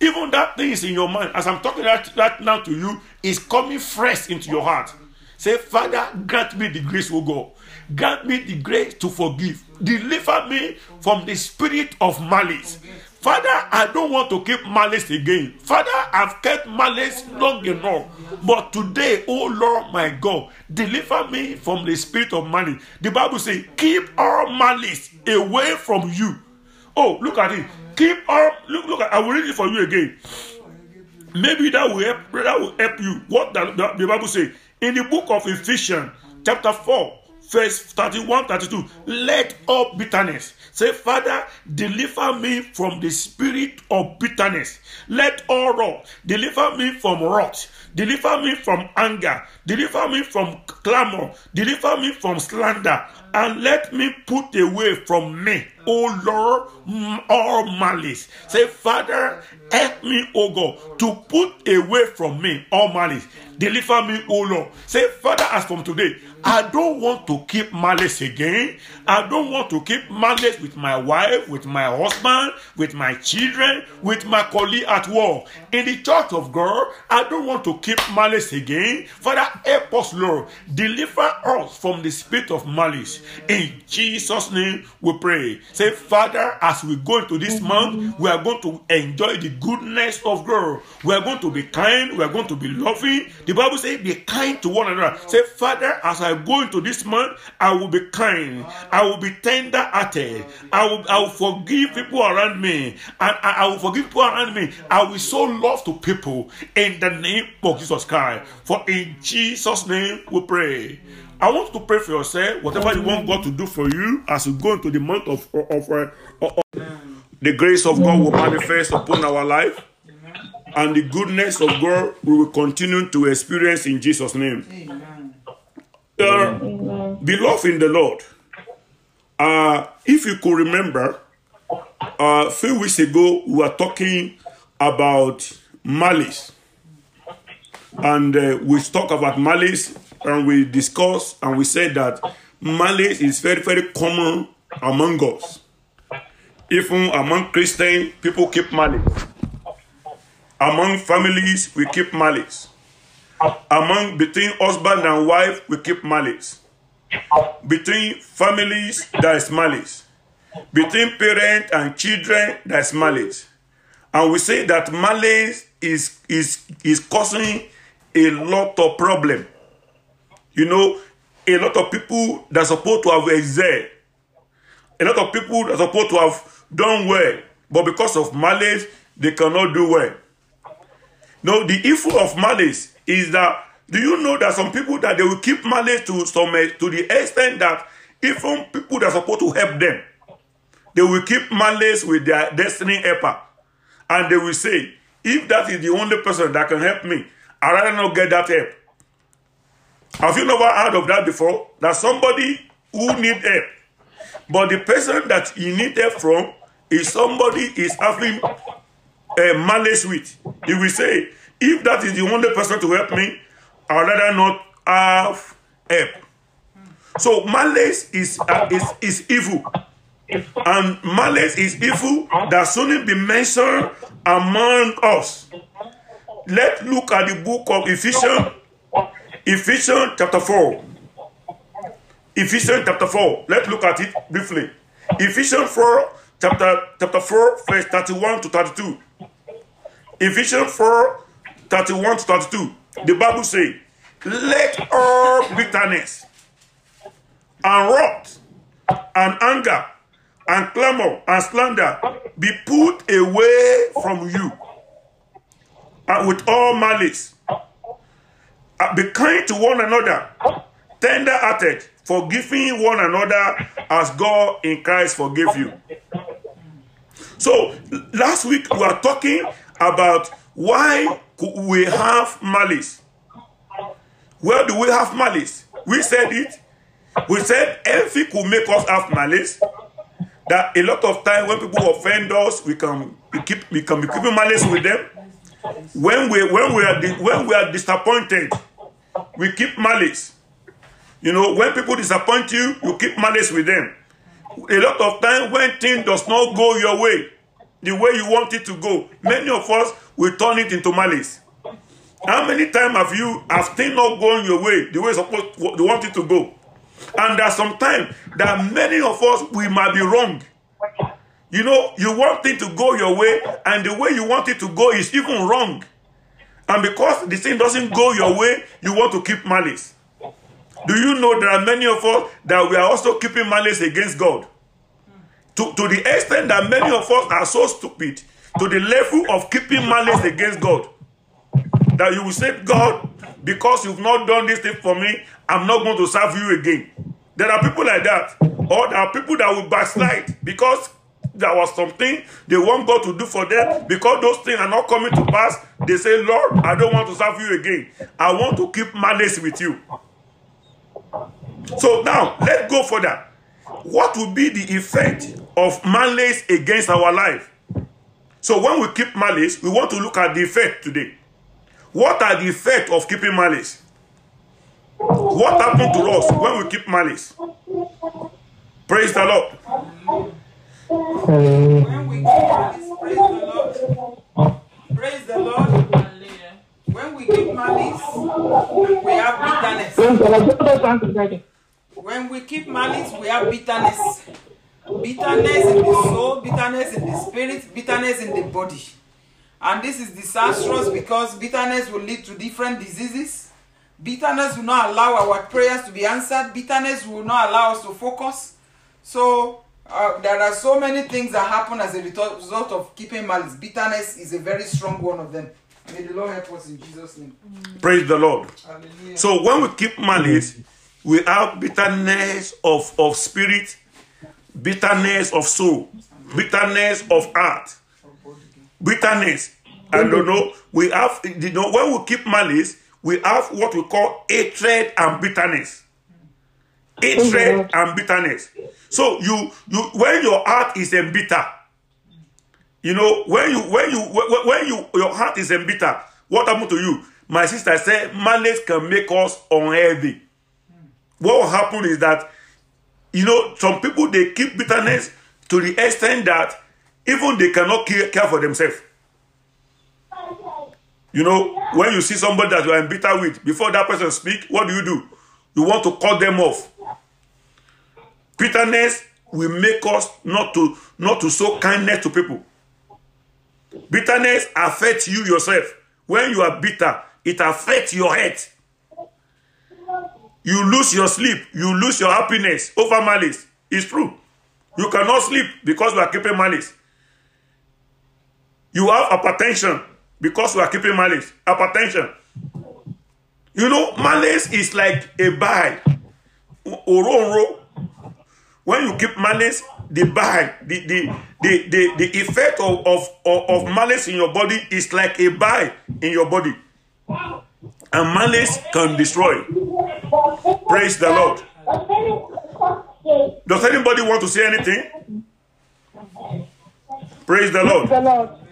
Even that thing is in your mind. As I'm talking that, that now to you, is coming fresh into your heart. Say, Father, grant me the grace, O God, Grant me the grace to forgive. Deliver me from the spirit of malice. Father, I don't want to keep malice again. Father, I've kept malice long enough. But today, oh Lord my God, deliver me from the spirit of malice. The Bible says, keep all malice away from you. Oh, look at it. Keep all look, look at I will read it for you again. Maybe that will help that will help you. What the, the Bible says in the book of Ephesians, chapter 4, verse 31 32 let all bitterness say father deliver me from the spirit of bitterness let all wrath deliver me from wrath deliver me from anger deliver me from clamor deliver me from slander and let me put away from me O Lord, all malice. Say, Father, help me, O God, to put away from me all malice. Deliver me, O Lord. Say, Father, as from today, I don't want to keep malice again. I don't want to keep malice with my wife, with my husband, with my children, with my colleague at work. In the church of God, I don't want to keep malice again. Father, help us, Lord. Deliver us from the spirit of malice. In Jesus' name we pray. Say, Father, as we go into this month, we are going to enjoy the goodness of God. We are going to be kind. We are going to be loving. The Bible says, be kind to one another. Say, Father, as I I go into this month, I will be kind. I will be tender hearted. I will, I will forgive people around me. And I, I will forgive people around me. I will show love to people in the name of Jesus Christ. For in Jesus' name we pray. I want to pray for yourself, whatever you want God to do for you as you go into the month of, of, of, of the grace of God will manifest upon our life and the goodness of God we will continue to experience in Jesus' name. Amen. Uh, beloved in the Lord, uh, if you could remember, uh, a few weeks ago we were talking about malice. And uh, we talked about malice and we discussed and we said that malice is very, very common among us. Even among Christian people keep malice. Among families, we keep malice among between husband and wife we keep malice between families there is malice between parent and children there is malice and we say that malice is is is causing a lot of problem you know a lot of people that are supposed to have excelled a lot of people that are supposed to have done well but because of malice they cannot do well now the evil of malice is that do you know that some people that they will keep malice to some eh, to the extent that even people that are supposed to help them, they will keep malice with their destiny helper, and they will say, if that is the only person that can help me, I rather not get that help. Have you never heard of that before? That somebody who need help, but the person that you need help from is somebody is having a eh, malice with. He will say, If that is the only person to help me, I'd rather not have help. So malice is, uh, is, is evil. And malice is evil that shouldn't be mentioned among us. Let's look at the book of Ephesians, Ephesians chapter four. Ephesians chapter four. Let's look at it briefly. Ephesians four chapter, chapter four verse thirty-one to thirty-two. Ephesians four. 31 to 32, the Bible says, Let all bitterness and wrath and anger and clamor and slander be put away from you, and with all malice. Be kind to one another, tender hearted, forgiving one another as God in Christ forgave you. So, last week we were talking about why we have malice. Where do we have malice? We said it. We said envy could make us have malice. That a lot of time when people offend us, we can we keep we can be keeping malice with them. When we when we are when we are disappointed, we keep malice. You know, when people disappoint you, you keep malice with them. A lot of time when things does not go your way, the way you want it to go. Many of us will turn it into malice. How many times have you have things not going your way the way supposed you want it to go? And there's some time that many of us we might be wrong. You know, you want it to go your way, and the way you want it to go is even wrong. And because the thing doesn't go your way, you want to keep malice. Do you know there are many of us that we are also keeping malice against God? to, to the extent that many of us are so stupid to the level of keeping malice against God. That you will say, God, because you've not done this thing for me, I'm not going to serve you again. There are people like that. Or there are people that will backslide because there was something they want God to do for them. Because those things are not coming to pass, they say, Lord, I don't want to serve you again. I want to keep malice with you. So now, let's go for that. what will be the effect of malice against our life? So when we keep malice, we want to look at the effect today. What are the effect of keeping malice? What happened to us when we keep malice? Praise the Lord. When we keep malice, praise the Lord. Praise the Lord. When we keep malice, we have bitterness. When we keep malice, we have bitterness. Bitterness in the soul, bitterness in the spirit, bitterness in the body. And this is disastrous because bitterness will lead to different diseases. Bitterness will not allow our prayers to be answered. Bitterness will not allow us to focus. So uh, there are so many things that happen as a result of keeping malice. Bitterness is a very strong one of them. May the Lord help us in Jesus' name. Praise the Lord. Hallelujah. So when we keep malice, without bitterness of, of spirit, bitterness of soul, bitterness of heart, bitterness. I don't know. We have, you know, when we keep malice, we have what we call hatred and bitterness. Hatred mm-hmm. and bitterness. So you, you, when your heart is embittered, you know, when you, when you, when, when you, your heart is embittered, what happened to you? My sister said, malice can make us unhealthy what will happen is that you know some people they keep bitterness to the extent that even they cannot care, care for themselves you know when you see somebody that you are bitter with before that person speak what do you do you want to cut them off bitterness will make us not to not to show kindness to people bitterness affects you yourself when you are bitter it affects your health you lose your sleep you lose your happiness over malice it's true you cannot sleep because you are keeping malice you have hypertension because you are keeping malice hypertension you know malice is like a bile òróǹro when you keep malice the bile the the the the, the effect of, of of malice in your body is like a bile in your body and malice can destroy. Praise the Lord. Does anybody want to say anything? Praise the Lord.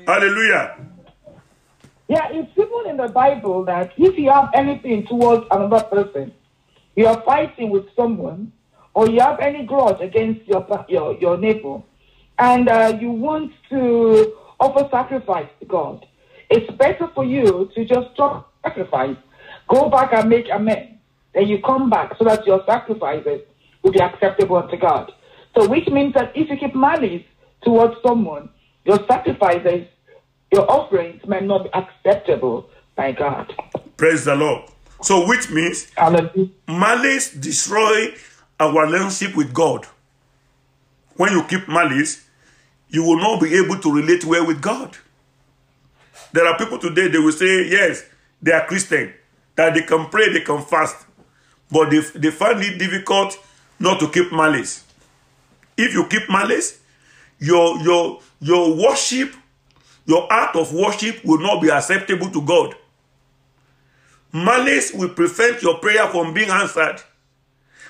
Hallelujah. Yeah, it's even in the Bible that if you have anything towards another person, you are fighting with someone, or you have any grudge against your your, your neighbor, and uh, you want to offer sacrifice to God, it's better for you to just stop sacrifice, go back and make amends then you come back so that your sacrifices will be acceptable unto God. So, which means that if you keep malice towards someone, your sacrifices, your offerings might not be acceptable by God. Praise the Lord. So, which means malice destroy our relationship with God. When you keep malice, you will not be able to relate well with God. There are people today, they will say, yes, they are Christian, that they can pray, they can fast, but they, they find it difficult not to keep malice. If you keep malice, your, your, your worship, your act of worship will not be acceptable to God. Malice will prevent your prayer from being answered.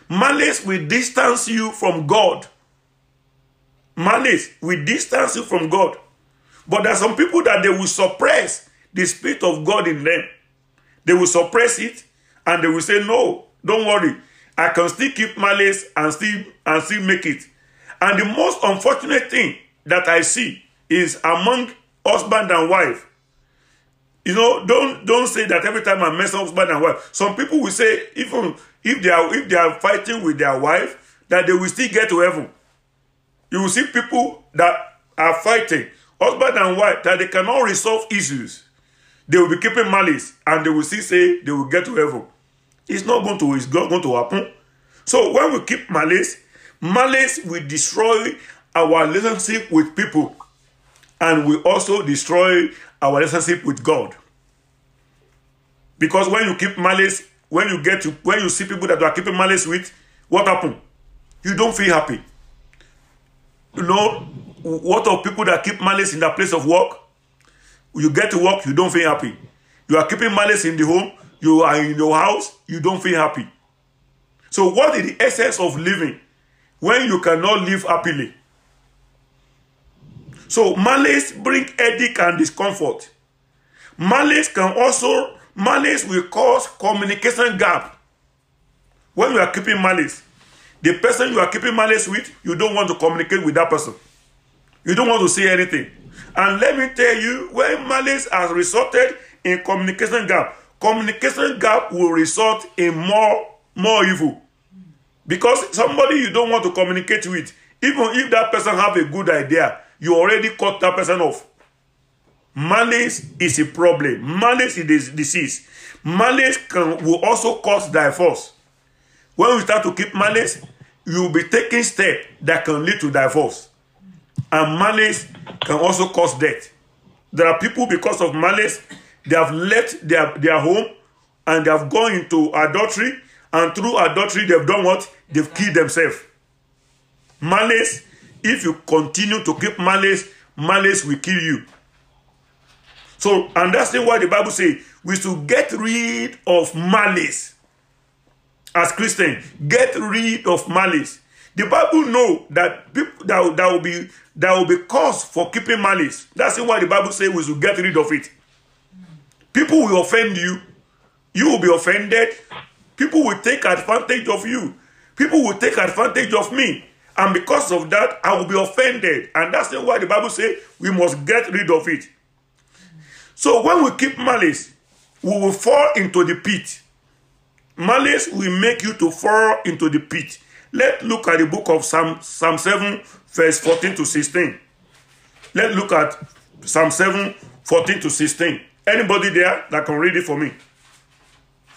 Malice will distance you from God. Malice will distance you from God. But there are some people that they will suppress the Spirit of God in them. They will suppress it and they will say, No, don't worry. I can still keep malice and still and still make it. And the most unfortunate thing that I see is among husband and wife. You know, don't don't say that every time I mention husband and wife. Some people will say even if they are if they are fighting with their wife, that they will still get to heaven. You will see people that are fighting, husband and wife, that they cannot resolve issues. They will be keeping malice and they will still say they will get to heaven. It's not going to, it's not going to happen. So when we keep malice, malice will destroy our relationship with people and we also destroy our relationship with God. Because when you keep malice, when you get to when you see people that you are keeping malice with, what happened? You don't feel happy. You know what of people that keep malice in their place of work? You get to work, you don't feel happy. You are keeping malice in the home, you are in your house, you don't feel happy. So, what is the essence of living when you cannot live happily? So, malice bring headache and discomfort. Malice can also, malice will cause communication gap. When you are keeping malice, the person you are keeping malice with, you don't want to communicate with that person. You don't want to say anything. And let me tell you, when malice has resulted in communication gap, communication gap will result in more more evil because somebody you don't want to communicate with even if that person have a good idea you already cut that person off malice is a problem malice is a disease malice can will also cause divorce when we start to keep malice you will be taking step that can lead to divorce and malice can also cause death there are people because of malice They have left their, their home and they have gone into adultery. And through adultery, they've done what? They've killed themselves. Malice, if you continue to keep malice, malice will kill you. So, and that's why the Bible says we should get rid of malice. As Christians, get rid of malice. The Bible know that people that, that will be that will be cause for keeping malice. That's why the Bible says we should get rid of it. People will offend you. You will be offended. People will take advantage of you. People will take advantage of me. And because of that, I will be offended. And that's why the Bible says we must get rid of it. So when we keep malice, we will fall into the pit. Malice will make you to fall into the pit. Let's look at the book of Psalm, Psalm 7, verse 14 to 16. Let's look at Psalm 7, 14 to 16. Anybody there that can read it for me?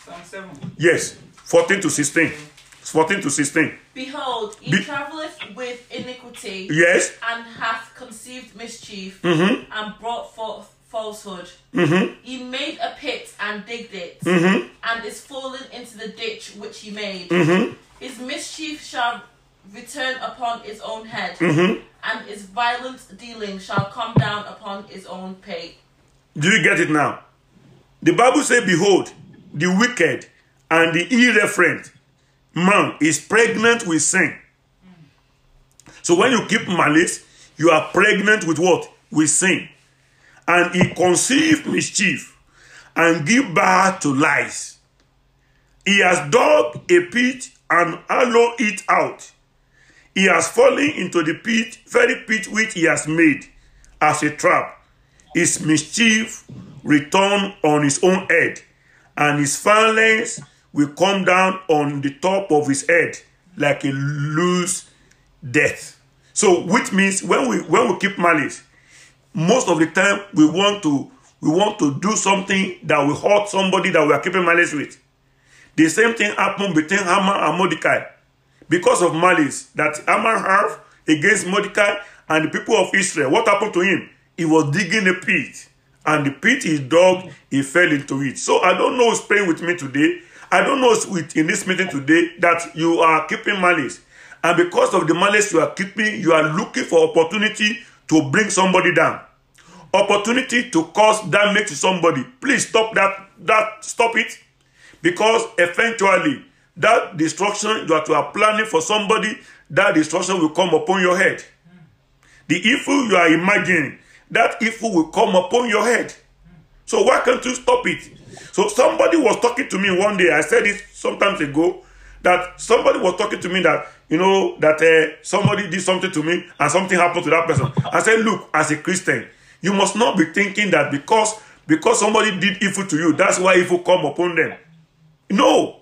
Psalm 7. Yes, 14 to 16. 14 to 16. Behold, he Be- traveleth with iniquity. Yes. And hath conceived mischief. Mm-hmm. And brought forth falsehood. Mm-hmm. He made a pit and digged it. Mm-hmm. And is fallen into the ditch which he made. Mm-hmm. His mischief shall return upon his own head. Mm-hmm. And his violent dealing shall come down upon his own pate. Do you get it now? The Bible says, Behold, the wicked and the irreverent man is pregnant with sin. So when you keep malice, you are pregnant with what? With sin. And he conceived mischief and give birth to lies. He has dug a pit and hollowed it out. He has fallen into the pit, very pit which he has made as a trap his mischief return on his own head, and his violence will come down on the top of his head like a loose death. So, which means when we when we keep malice, most of the time we want to we want to do something that will hurt somebody that we are keeping malice with. The same thing happened between Haman and Mordecai. Because of malice that Haman have against Mordecai and the people of Israel, what happened to him? he was digging a pit. And the pit he dug, he fell into it. So I don't know who's praying with me today. I don't know who's in this meeting today that you are keeping malice. And because of the malice you are keeping, you are looking for opportunity to bring somebody down. Opportunity to cause damage to somebody. Please stop that, that stop it. Because eventually, that destruction that you are planning for somebody, that destruction will come upon your head. The evil you are imagining, that evil will come upon your head. So why can't you stop it? So somebody was talking to me one day. I said this sometimes ago that somebody was talking to me that you know that uh, somebody did something to me and something happened to that person. I said, look, as a Christian, you must not be thinking that because because somebody did evil to you, that's why evil come upon them. No,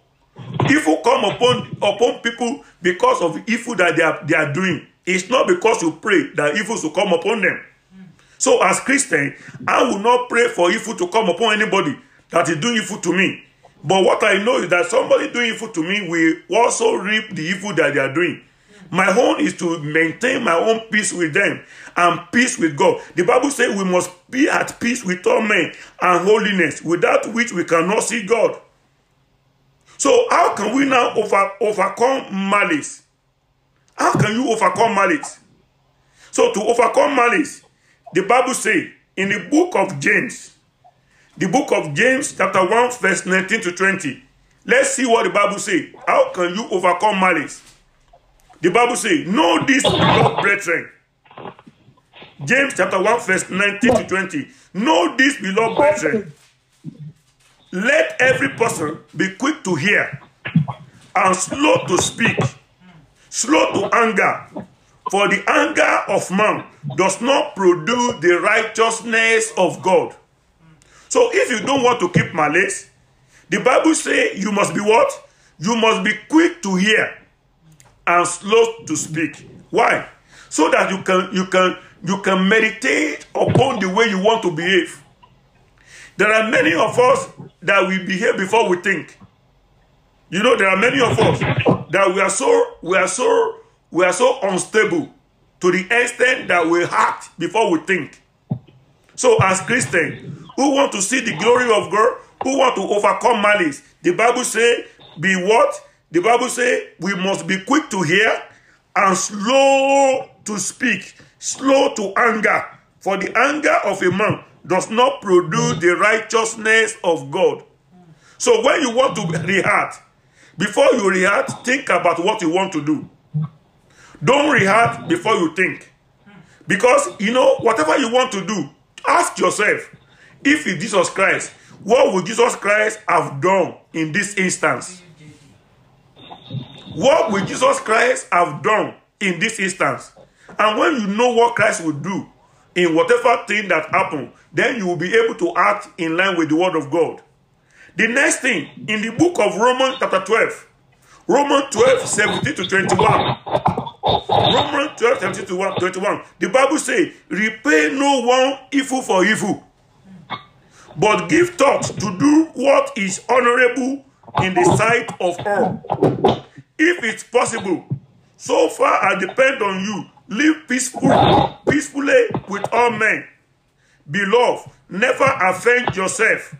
evil come upon upon people because of evil that they are they are doing. It's not because you pray that evil will come upon them. So as Christian, I will not pray for evil to come upon anybody that is doing evil to me. But what I know is that somebody doing evil to me will also reap the evil that they are doing. My own is to maintain my own peace with them and peace with God. The Bible says we must be at peace with all men and holiness, without which we cannot see God. So, how can we now over, overcome malice? How can you overcome malice? So, to overcome malice, The Bible says in the book of James, the book of James, chapter 1, verse 19 to 20. Let's see what the Bible says. How can you overcome malice? The Bible says, Know this, beloved brethren. James chapter 1, verse 19 to 20. Know this, beloved brethren. Let every person be quick to hear and slow to speak, slow to anger, For the anger of man does not produce the righteousness of God. So if you don't want to keep malice, the Bible says you must be what? You must be quick to hear and slow to speak. Why? So that you can you can you can meditate upon the way you want to behave. There are many of us that we behave before we think. You know, there are many of us that we are so we are so we are so unstable to the extent that we act before we think. So, as Christians who want to see the glory of God, who want to overcome malice, the Bible says, "Be what?" The Bible says we must be quick to hear and slow to speak, slow to anger, for the anger of a man does not produce the righteousness of God. So, when you want to react, before you react, think about what you want to do. Don't react before you think. Because, you know, whatever you want to do, ask yourself if it's Jesus Christ, what would Jesus Christ have done in this instance? What would Jesus Christ have done in this instance? And when you know what Christ would do in whatever thing that happened, then you will be able to act in line with the word of God. The next thing in the book of Romans, chapter 12, Romans 12, 17 to 21. Romans 12, 17 to 21. The Bible says, repay no one evil for evil, but give thought to do what is honorable in the sight of all. If it's possible, so far I depend on you, live peaceful, peacefully with all men. Beloved, never offend yourself,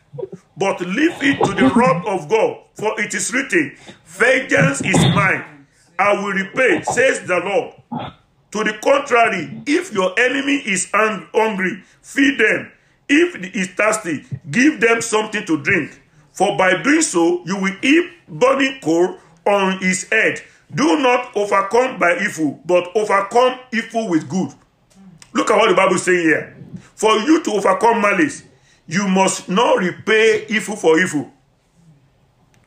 but leave it to the wrath of God, for it is written, Vengeance is mine. I will repay, says the Lord. To the contrary, if your enemy is hungry, feed them. If he is thirsty, give them something to drink. For by doing so, you will heap burning coal on his head. Do not overcome by evil, but overcome evil with good. Look at what the Bible is saying here. For you to overcome malice, you must not repay evil for evil.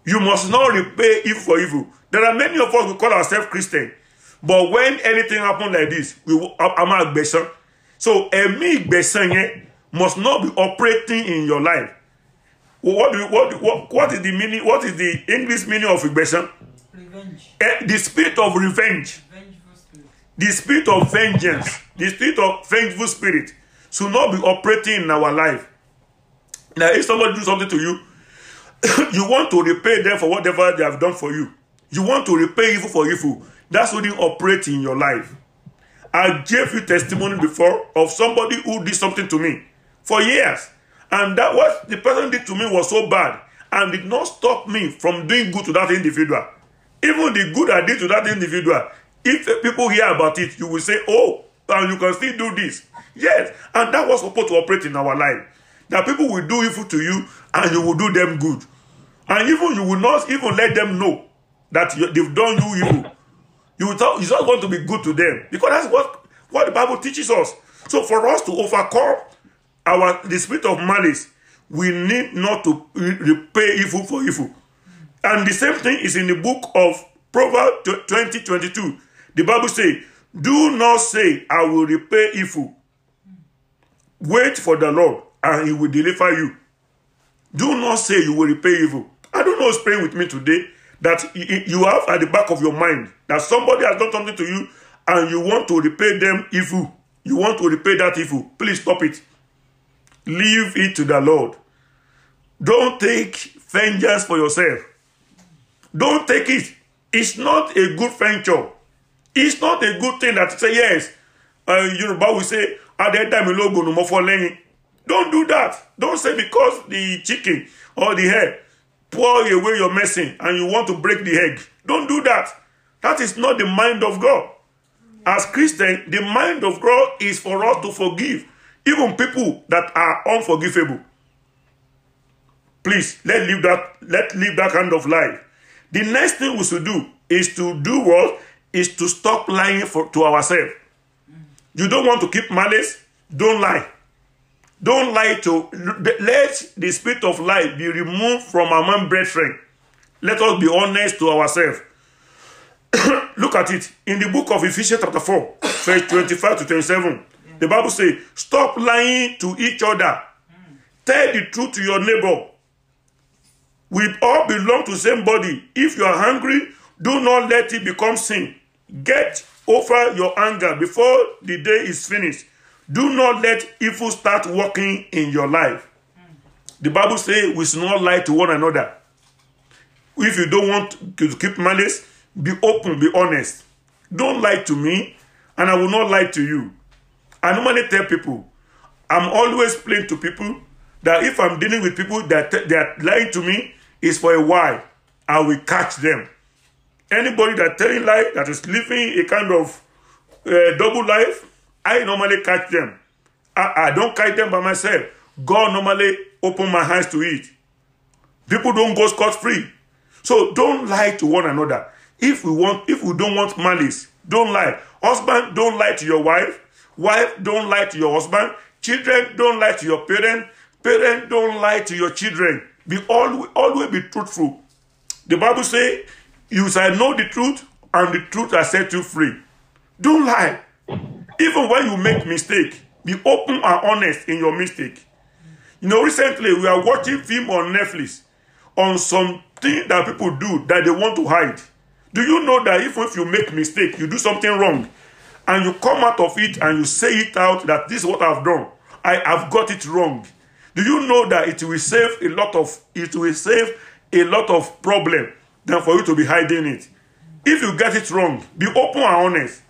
You must not repay evil for evil. There are many of us who call ourselves Christian, but when anything happens like this, we will am agbẹ̀san. So a ìgbẹ̀san yẹn must not be operating in your life. What, do, what, what, what is the meaning? What is the English meaning of ìgbẹ̀san? Revenge. Eh, the spirit of revenge. Spirit. The spirit of vengeance. the spirit of vengeful spirit should not be operating in our life. Now, if somebody do something to you, you want to repay them for whatever they have done for you. You want to repay evil for evil. That's what you operate in your life. I gave you testimony before of somebody who did something to me for years. And that what the person did to me was so bad and did not stop me from doing good to that individual. Even the good I did to that individual, if people hear about it, you will say, Oh, and you can still do this. Yes, and that was supposed to operate in our life. that people will do evil to you and you will do them good. And even you will not even let them know that you, they've done you evil. You thought you just going to be good to them because that's what, what the Bible teaches us. So for us to overcome our the spirit of malice, we need not to repay evil for evil. And the same thing is in the book of Proverbs 20 22. The Bible says, Do not say, I will repay evil. Wait for the Lord and he will deliver you. Do not say you will repay evil. I don't know Praying with me today that you have at the back of your mind that somebody has done something to you and you want to repay them evil. You want to repay that evil. Please stop it. Leave it to the Lord. Don't take vengeance for yourself. Don't take it. It's not a good venture. It's not a good thing that say yes. Uh, Yoruba know, will say, "Adé dá mi lógo nù mọ́ fọ́ lẹ́yìn." Don't do that. Don't say because the chicken or the egg pour away your medicine and you want to break the egg. Don't do that. That is not the mind of God. As Christian, the mind of God is for us to forgive even people that are unforgivable. Please let leave that let leave that kind of life. The next thing we should do is to do what is to stop lying for, to ourselves. You don't want to keep malice, don't lie. Don't lie to, let the spirit of lie be removed from among brethren. Let us be honest to ourselves. Look at it. In the book of Ephesians chapter 4, verse 25 to 27, the Bible says, stop lying to each other. Tell the truth to your neighbor. We all belong to the same body. If you are hungry, do not let it become sin. Get over your anger before the day is finished. Do not let evil start working in your life. The Bible says we should not lie to one another. If you don't want to keep malice, be open, be honest. Don't lie to me, and I will not lie to you. I normally tell people, I'm always plain to people that if I'm dealing with people that they are lying to me, it's for a while. I will catch them. Anybody that telling lie, that is living a kind of uh, double life, I normally catch them. I, I don't catch them by myself. God normally open my hands to it. People don't go scot-free. So don't lie to one another. If we want, if we don't want malice, don't lie. Husband, don't lie to your wife. Wife, don't lie to your husband. Children, don't lie to your parents. Parents, don't lie to your children. Be always, always be truthful. The Bible says, you shall know the truth, and the truth shall set you free. Don't lie. Even when you make mistake, be open and honest in your mistake. You know, recently we are watching film on Netflix on something that people do that they want to hide. Do you know that even if you make mistake, you do something wrong, and you come out of it and you say it out that this is what I've done. I have got it wrong. Do you know that it will save a lot of it will save a lot of problem than for you to be hiding it? If you get it wrong, be open and honest.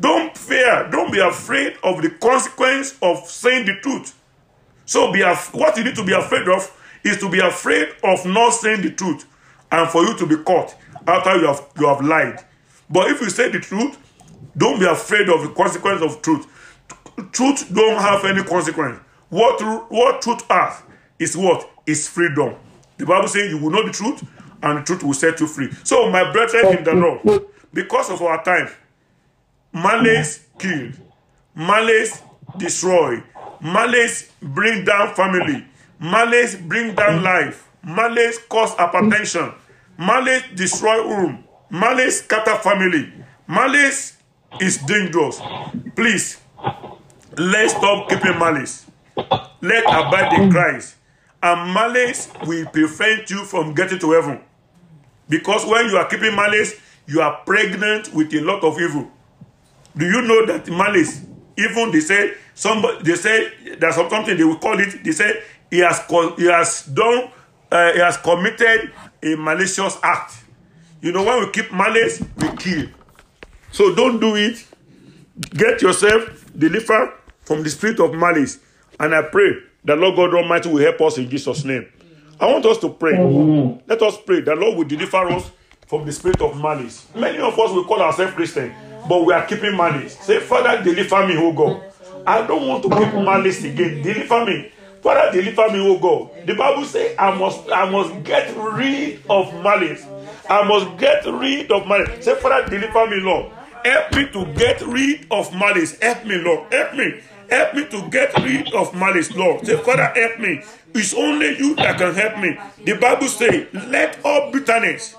Don't fear, don't be afraid of the consequence of saying the truth. So be af- what you need to be afraid of is to be afraid of not saying the truth and for you to be caught after you have you have lied. But if you say the truth, don't be afraid of the consequence of truth. Truth don't have any consequence. What what truth has is what is freedom. The Bible says you will know the truth and the truth will set you free. So my brethren in the Lord, because of our time, malice kill malice destroy malice bring down family malice bring down life malice cause hypertension malice destroy home malice scatter family malice is dangerous please let's stop keeping malice let abide in christ and malice will prevent you from getting to heaven because when you are keeping malice you are pregnant with a lot of evil do you know that malice even they say some. they say there's something they will call it they say he has he has done uh, he has committed a malicious act you know when we keep malice we kill so don't do it get yourself delivered from the spirit of malice and i pray that lord god almighty will help us in jesus name i want us to pray let us pray that lord will deliver us from the spirit of malice many of us will call ourselves christian but we are keeping malice. Say, Father, deliver me, O God. I don't want to keep malice again. Deliver me. Father, deliver me, O God. The Bible says, I must, I must get rid of malice. I must get rid of malice. Say, Father, deliver me, Lord. Help me to get rid of malice. Help me, Lord. Help me. Help me to get rid of malice, Lord. Say, Father, help me. It's only you that can help me. The Bible says, let all bitterness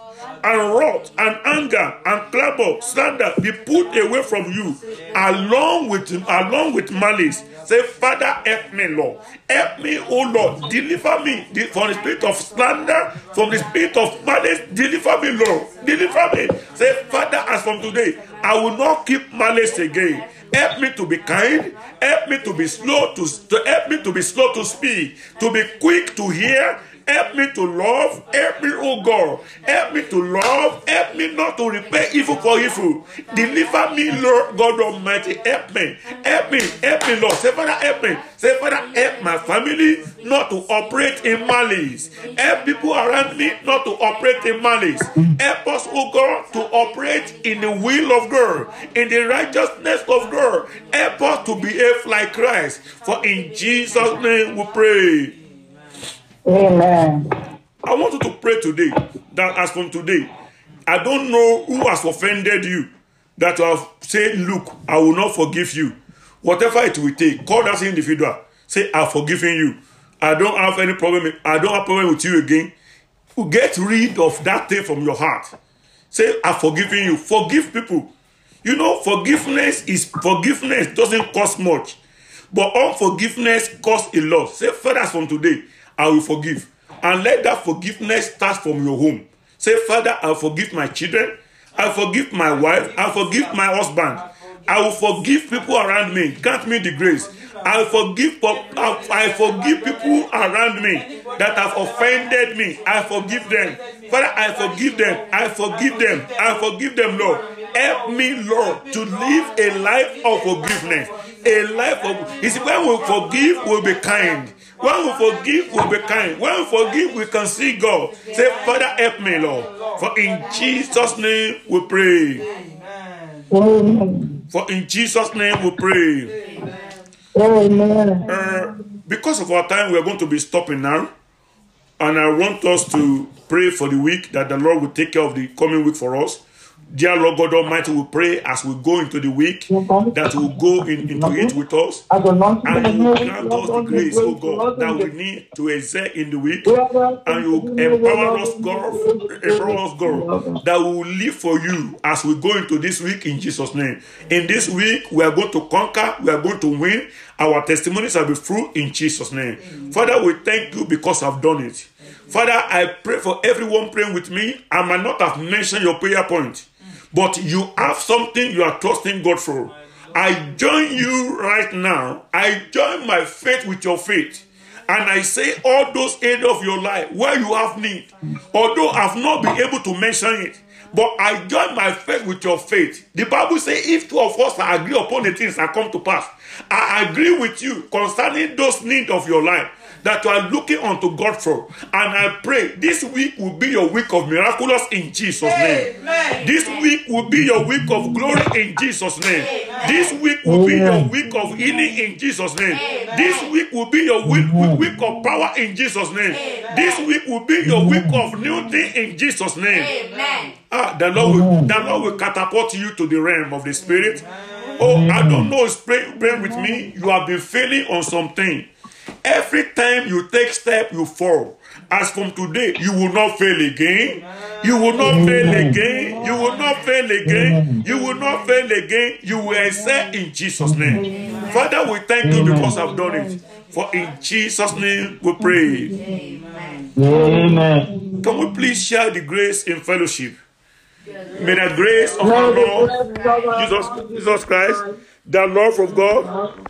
and wrath and anger and clamor, slander be put away from you, along with along with malice. Say, Father, help me, Lord. Help me, O Lord. Deliver me from the spirit of slander, from the spirit of malice. Deliver me, Lord. Deliver me. Say, Father, as from today, I will not keep malice again. Help me to be kind. Help me to be slow to, to help me to be slow to speak, to be quick to hear, Help me to love. Help me, oh God. Help me to love. Help me not to repay evil for evil. Deliver me, Lord God Almighty. Help me. Help me. Help me, Lord. Say, Father, help me. Say, Father, help my family not to operate in malice. Help people around me not to operate in malice. Help us, oh God, to operate in the will of God, in the righteousness of God. Help us to behave like Christ. For in Jesus' name we pray. Amen. I want you to pray today that as from today, I don't know who has offended you that have said, Look, I will not forgive you. Whatever it will take, call that individual. Say, I've forgiven you. I don't have any problem. I don't have problem with you again. Get rid of that thing from your heart. Say, I've forgiven you. Forgive people. You know, forgiveness is forgiveness doesn't cost much, but unforgiveness costs a lot. Say, Fathers, from today, I will forgive. And let that forgiveness start from your home. Say, Father, I forgive my children. I forgive my wife. I forgive my husband. I will forgive people around me. Grant me the grace. I forgive I forgive people around me that have offended me. I forgive them. Father, I forgive them. I forgive them. I forgive them, Lord. Help me, Lord, to live a life of forgiveness. A life of you see, when we forgive, we'll be kind. When we forgive, we'll be kind. When we forgive, we can see God. Say, Father, help me, Lord. For in Jesus' name we pray. For in Jesus' name we pray. Uh, because of our time, we are going to be stopping now. And I want us to pray for the week that the Lord will take care of the coming week for us. Dear Lord God Almighty, we pray as we go into the week that you will go in, into it with us and you will grant us the grace, oh God, that we need to exert in the week and you empower us, God, empower us, God, that we will live for you as we go into this week in Jesus' name. In this week, we are going to conquer, we are going to win, our testimonies shall be full in Jesus' name. Amen. Father, we thank you because I've done it. Father, I pray for everyone praying with me. I might not have mentioned your prayer point, but you have something you are trusting God for. I join you right now. I join my faith with your faith. And I say all those areas of your life where you have need, although I've not been able to mention it, but I join my faith with your faith. The Bible says, if two of us agree upon the things that come to pass, I agree with you concerning those needs of your life. that you are looking unto God for. And I pray this week will be your week of miraculous in Jesus' name. Amen. This week will be your week of glory in Jesus' name. Amen. This week will be your week of healing in Jesus' name. Amen. This week will be your week, week of power in Jesus' name. This week will be your week of new thing in Jesus' name. Ah, the Lord will, the Lord will catapult you to the realm of the Spirit. Oh, I don't know. Pray, pray with me. You have been failing on something. Every time you take step, you fall. As from today, you will not fail again. You will not fail again. You will not fail again. You will not fail again. You will excel in Jesus' name. Father, we thank you because I've done it. For in Jesus' name we pray. Amen. Can we please share the grace in fellowship? May the grace of our Lord Jesus, Jesus Christ, the love of God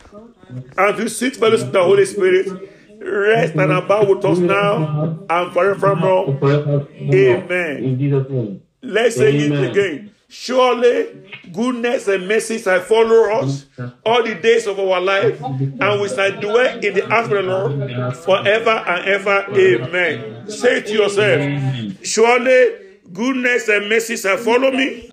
and you sit by the Holy Spirit, rest and abide with us now and forevermore. Amen. Let's say it again. Surely goodness and mercy shall follow us all the days of our life, and we shall dwell in the house of the Lord forever and ever. Amen. Say to yourself, Surely goodness and mercy shall follow me